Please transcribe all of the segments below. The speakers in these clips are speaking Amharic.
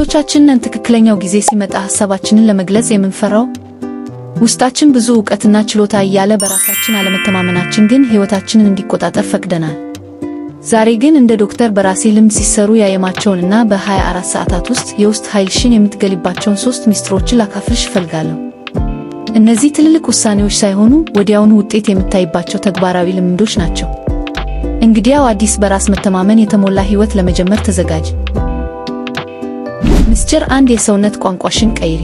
ስንቶቻችንን ትክክለኛው ጊዜ ሲመጣ ሐሳባችንን ለመግለጽ የምንፈራው? ውስጣችን ብዙ እውቀትና ችሎታ እያለ በራሳችን አለመተማመናችን ግን ሕይወታችንን እንዲቆጣጠር ፈቅደናል። ዛሬ ግን እንደ ዶክተር በራሴ ልምድ ሲሰሩ ያየማቸውንና በ24 ሰዓታት ውስጥ የውስጥ ኃይልሽን የምትገልባቸውን ሦስት ሚስጥሮችን ላካፍልሽ እፈልጋለሁ። እነዚህ ትልልቅ ውሳኔዎች ሳይሆኑ ወዲያውኑ ውጤት የምታይባቸው ተግባራዊ ልምዶች ናቸው። እንግዲያው አዲስ በራስ መተማመን የተሞላ ሕይወት ለመጀመር ተዘጋጅ። ምስጢር አንድ የሰውነት ቋንቋሽን ቀይሪ።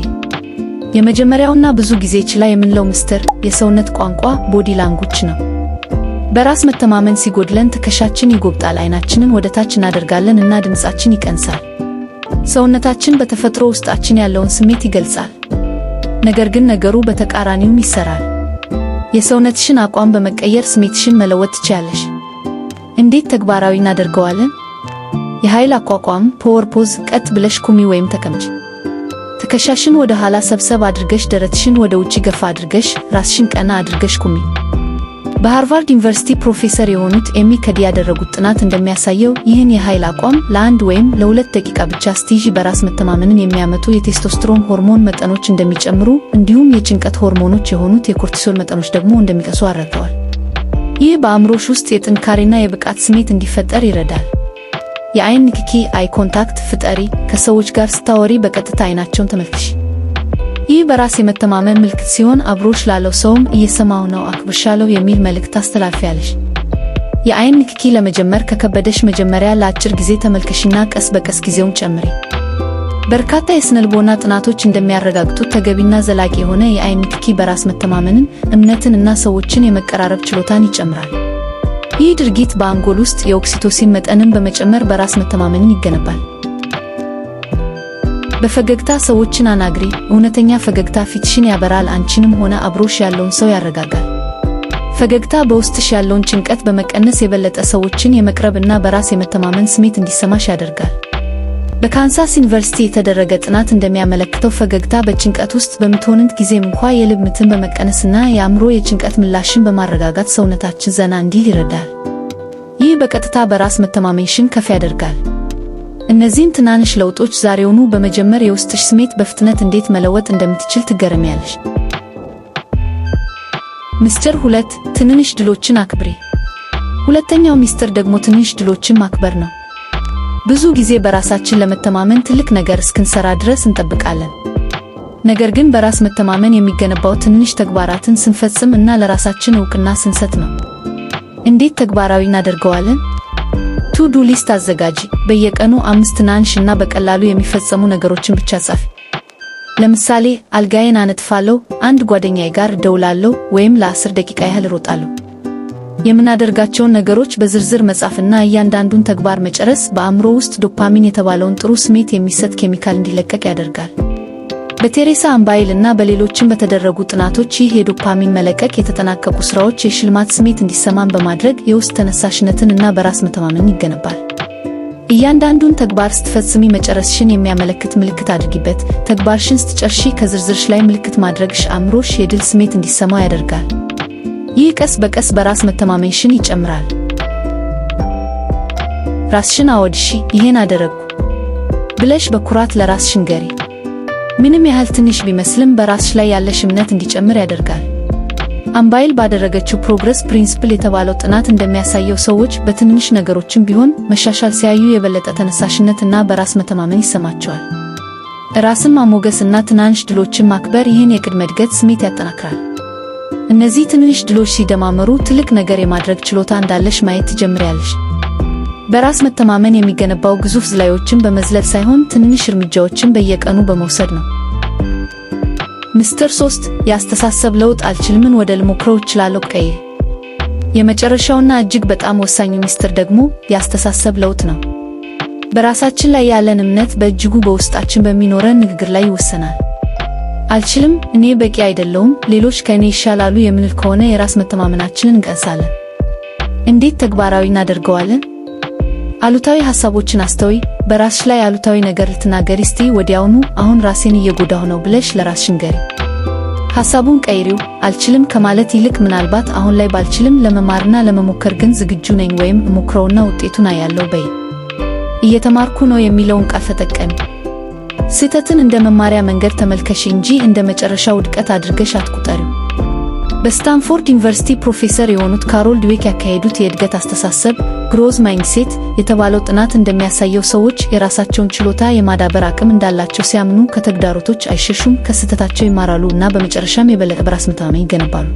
የመጀመሪያውና ብዙ ጊዜ ችላ የምንለው ምስጢር የሰውነት ቋንቋ ቦዲ ላንጉጅ ነው። በራስ መተማመን ሲጎድለን ትከሻችን ይጎብጣል፣ አይናችንን ወደታች እናደርጋለን እና ድምፃችን ይቀንሳል። ሰውነታችን በተፈጥሮ ውስጣችን ያለውን ስሜት ይገልጻል። ነገር ግን ነገሩ በተቃራኒውም ይሰራል። የሰውነትሽን አቋም በመቀየር ስሜትሽን መለወጥ ትችያለሽ። እንዴት ተግባራዊ እናደርገዋለን? የኃይል አቋቋም ፖወር ፖዝ። ቀጥ ብለሽ ቁሚ ወይም ተቀምጪ። ትከሻሽን ወደ ኋላ ሰብሰብ አድርገሽ ደረትሽን ወደ ውጭ ገፋ አድርገሽ ራስሽን ቀና አድርገሽ ቁሚ። በሃርቫርድ ዩኒቨርሲቲ ፕሮፌሰር የሆኑት ኤሚ ከዲ ያደረጉት ጥናት እንደሚያሳየው ይህን የኃይል አቋም ለአንድ ወይም ለሁለት ደቂቃ ብቻ ስትይዢ በራስ መተማመንን የሚያመጡ የቴስቶስትሮን ሆርሞን መጠኖች እንደሚጨምሩ እንዲሁም የጭንቀት ሆርሞኖች የሆኑት የኮርቲሶል መጠኖች ደግሞ እንደሚቀሱ አረድተዋል። ይህ በአእምሮሽ ውስጥ የጥንካሬና የብቃት ስሜት እንዲፈጠር ይረዳል። የአይን ንክኪ አይ ኮንታክት ፍጠሪ። ከሰዎች ጋር ስታወሪ በቀጥታ አይናቸውን ተመልክሽ ይህ በራስ የመተማመን ምልክት ሲሆን አብሮሽ ላለው ሰውም እየሰማው ነው አክብርሻለሁ የሚል መልእክት ታስተላልፊያለሽ። የአይን ንክኪ ለመጀመር ከከበደሽ መጀመሪያ ለአጭር ጊዜ ተመልከሽና ቀስ በቀስ ጊዜውን ጨምሪ። በርካታ የስነልቦና ጥናቶች እንደሚያረጋግጡት ተገቢና ዘላቂ የሆነ የአይን ንክኪ በራስ መተማመንን፣ እምነትን እና ሰዎችን የመቀራረብ ችሎታን ይጨምራል። ይህ ድርጊት በአንጎል ውስጥ የኦክሲቶሲን መጠንን በመጨመር በራስ መተማመንን ይገነባል። በፈገግታ ሰዎችን አናግሪ። እውነተኛ ፈገግታ ፊትሽን ያበራል፣ አንቺንም ሆነ አብሮሽ ያለውን ሰው ያረጋጋል። ፈገግታ በውስጥሽ ያለውን ጭንቀት በመቀነስ የበለጠ ሰዎችን የመቅረብ እና በራስ የመተማመን ስሜት እንዲሰማሽ ያደርጋል። በካንሳስ ዩኒቨርሲቲ የተደረገ ጥናት እንደሚያመለክተው ፈገግታ በጭንቀት ውስጥ በምትሆንት ጊዜም እንኳ የልብ ምትን በመቀነስና የአእምሮ የጭንቀት ምላሽን በማረጋጋት ሰውነታችን ዘና እንዲል ይረዳል። ይህ በቀጥታ በራስ መተማመንሽን ከፍ ያደርጋል። እነዚህን ትናንሽ ለውጦች ዛሬውኑ በመጀመር የውስጥሽ ስሜት በፍጥነት እንዴት መለወጥ እንደምትችል ትገረሚያለሽ። ምስጢር ሁለት ትንንሽ ድሎችን አክብሪ። ሁለተኛው ምስጢር ደግሞ ትንንሽ ድሎችን ማክበር ነው። ብዙ ጊዜ በራሳችን ለመተማመን ትልቅ ነገር እስክንሰራ ድረስ እንጠብቃለን። ነገር ግን በራስ መተማመን የሚገነባው ትንሽ ተግባራትን ስንፈጽም እና ለራሳችን እውቅና ስንሰጥ ነው። እንዴት ተግባራዊ እናደርገዋለን? ቱዱ ሊስት አዘጋጂ። በየቀኑ አምስት ትናንሽ እና በቀላሉ የሚፈጸሙ ነገሮችን ብቻ ጻፊ። ለምሳሌ አልጋዬን አነጥፋለሁ፣ አንድ ጓደኛዬ ጋር እደውላለሁ፣ ወይም ለአስር ደቂቃ ያህል እሮጣለሁ። የምናደርጋቸውን ነገሮች በዝርዝር መጻፍና እያንዳንዱን ተግባር መጨረስ በአእምሮ ውስጥ ዶፓሚን የተባለውን ጥሩ ስሜት የሚሰጥ ኬሚካል እንዲለቀቅ ያደርጋል። በቴሬሳ አምባይል እና በሌሎችም በተደረጉ ጥናቶች ይህ የዶፓሚን መለቀቅ የተጠናቀቁ ስራዎች የሽልማት ስሜት እንዲሰማን በማድረግ የውስጥ ተነሳሽነትን እና በራስ መተማመንን ይገነባል። እያንዳንዱን ተግባር ስትፈጽሚ መጨረስሽን የሚያመለክት ምልክት አድርጊበት። ተግባርሽን ስትጨርሺ ከዝርዝርሽ ላይ ምልክት ማድረግሽ አእምሮሽ የድል ስሜት እንዲሰማው ያደርጋል። ይህ ቀስ በቀስ በራስ መተማመንሽን ይጨምራል። ራስሽን አወድሺ። ይሄን አደረግኩ ብለሽ በኩራት ለራስሽ ንገሪ። ምንም ያህል ትንሽ ቢመስልም በራስሽ ላይ ያለሽ እምነት እንዲጨምር ያደርጋል። አምባይል ባደረገችው ፕሮግረስ ፕሪንስፕል የተባለው ጥናት እንደሚያሳየው ሰዎች በትንንሽ ነገሮችም ቢሆን መሻሻል ሲያዩ የበለጠ ተነሳሽነት እና በራስ መተማመን ይሰማቸዋል። ራስን ማሞገስና እና ትናንሽ ድሎችን ማክበር ይህን የቅድመ እድገት ስሜት ያጠናክራል። እነዚህ ትንንሽ ድሎች ሲደማመሩ ትልቅ ነገር የማድረግ ችሎታ እንዳለሽ ማየት ትጀምሪያለሽ። በራስ መተማመን የሚገነባው ግዙፍ ዝላዮችን በመዝለል ሳይሆን ትንንሽ እርምጃዎችን በየቀኑ በመውሰድ ነው። ምስጢር ሶስት የአስተሳሰብ ለውጥ አልችልምን ወደ ልሞክረው እችላለሁ ቀይ የመጨረሻውና እጅግ በጣም ወሳኙ ምስጢር ደግሞ የአስተሳሰብ ለውጥ ነው። በራሳችን ላይ ያለን እምነት በእጅጉ በውስጣችን በሚኖረን ንግግር ላይ ይወሰናል። አልችልም፣ እኔ በቂ አይደለውም፣ ሌሎች ከእኔ ይሻላሉ የምንል ከሆነ የራስ መተማመናችንን እንቀንሳለን። እንዴት ተግባራዊ እናደርገዋለን? አሉታዊ ሐሳቦችን አስተውይ። በራስሽ ላይ አሉታዊ ነገር ልትናገሪ እስቲ ወዲያውኑ አሁን ራሴን እየጎዳሁ ነው ብለሽ ለራስሽ ንገሪ። ሐሳቡን ቀይሪው። አልችልም ከማለት ይልቅ ምናልባት አሁን ላይ ባልችልም ለመማርና ለመሞከር ግን ዝግጁ ነኝ ወይም እሞክረውና ውጤቱን አያለው በይ። እየተማርኩ ነው የሚለውን ቃል ተጠቀሚ። ስህተትን እንደ መማሪያ መንገድ ተመልከሽ እንጂ እንደ መጨረሻ ውድቀት አድርገሽ አትቁጠሪው። በስታንፎርድ ዩኒቨርሲቲ ፕሮፌሰር የሆኑት ካሮል ድዌክ ያካሄዱት የእድገት አስተሳሰብ ግሮዝ ማይንድሴት የተባለው ጥናት እንደሚያሳየው ሰዎች የራሳቸውን ችሎታ የማዳበር አቅም እንዳላቸው ሲያምኑ፣ ከተግዳሮቶች አይሸሹም፣ ከስህተታቸው ይማራሉ እና በመጨረሻም የበለጠ በራስ መተማመን ይገነባሉ።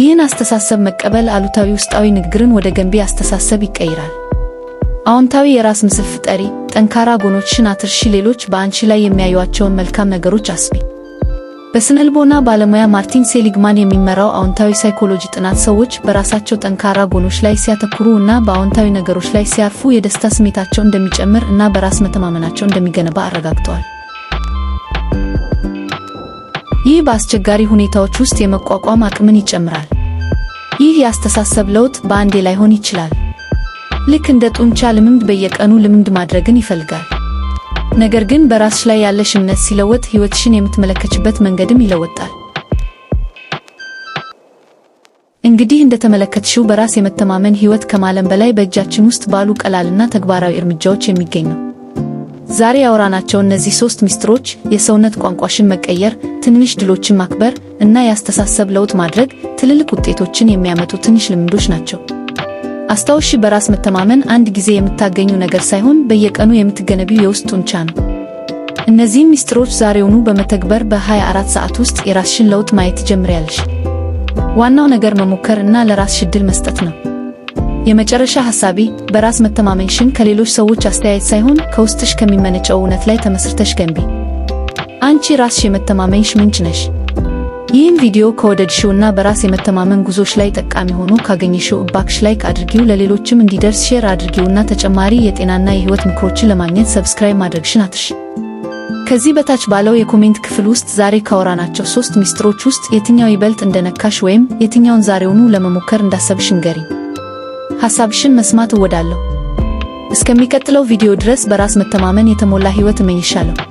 ይህን አስተሳሰብ መቀበል አሉታዊ ውስጣዊ ንግግርን ወደ ገንቢ አስተሳሰብ ይቀይራል። አዎንታዊ የራስ ምስል ፍጠሪ። ጠንካራ ጎኖችን አትርሺ። ሌሎች በአንቺ ላይ የሚያዩዋቸውን መልካም ነገሮች አስቢ። በስነልቦና ባለሙያ ማርቲን ሴሊግማን የሚመራው አዎንታዊ ሳይኮሎጂ ጥናት ሰዎች በራሳቸው ጠንካራ ጎኖች ላይ ሲያተኩሩ እና በአዎንታዊ ነገሮች ላይ ሲያርፉ የደስታ ስሜታቸው እንደሚጨምር እና በራስ መተማመናቸው እንደሚገነባ አረጋግጠዋል። ይህ በአስቸጋሪ ሁኔታዎች ውስጥ የመቋቋም አቅምን ይጨምራል። ይህ የአስተሳሰብ ለውጥ በአንዴ ላይሆን ይችላል ልክ እንደ ጡንቻ ልምምድ በየቀኑ ልምምድ ማድረግን ይፈልጋል። ነገር ግን በራስሽ ላይ ያለሽ እምነት ሲለወጥ ሕይወትሽን የምትመለከችበት መንገድም ይለወጣል። እንግዲህ እንደተመለከትሽው በራስ የመተማመን ሕይወት ከማለም በላይ በእጃችን ውስጥ ባሉ ቀላልና ተግባራዊ እርምጃዎች የሚገኝ ነው። ዛሬ ያወራናቸው እነዚህ ሶስት ሚስጥሮች የሰውነት ቋንቋሽን መቀየር፣ ትንንሽ ድሎችን ማክበር እና የአስተሳሰብ ለውጥ ማድረግ ትልልቅ ውጤቶችን የሚያመጡ ትንሽ ልምዶች ናቸው። አስታውሺ፣ በራስ መተማመን አንድ ጊዜ የምታገኙ ነገር ሳይሆን በየቀኑ የምትገነቢው የውስጥ ጡንቻ ነው። እነዚህም ሚስጥሮች ዛሬውኑ በመተግበር በ24 ሰዓት ውስጥ የራስሽን ለውጥ ማየት ትጀምሪያለሽ። ዋናው ነገር መሞከር እና ለራስሽ ዕድል መስጠት ነው። የመጨረሻ ሐሳቤ በራስ መተማመንሽን ከሌሎች ሰዎች አስተያየት ሳይሆን ከውስጥሽ ከሚመነጨው እውነት ላይ ተመስርተሽ ገንቢ። አንቺ ራስሽ የመተማመንሽ ምንጭ ነሽ። ይህን ቪዲዮ ከወደድሽው በራስ የመተማመን ጉዞሽ ላይ ጠቃሚ ሆኖ ካገኘሽው እባክሽ ላይክ አድርጊው፣ ለሌሎችም እንዲደርስ ሼር አድርጊውና ተጨማሪ የጤናና የህይወት ምክሮችን ለማግኘት ሰብስክራይብ ማድረግሽን አትርሺ። ከዚህ በታች ባለው የኮሜንት ክፍል ውስጥ ዛሬ ካወራናቸው ሶስት ሚስጥሮች ውስጥ የትኛው ይበልጥ እንደነካሽ ወይም የትኛውን ዛሬውኑ ለመሞከር እንዳሰብሽ ንገሪኝ። ሐሳብሽን መስማት እወዳለሁ። እስከሚቀጥለው ቪዲዮ ድረስ በራስ መተማመን የተሞላ ህይወት እመኝሻለሁ።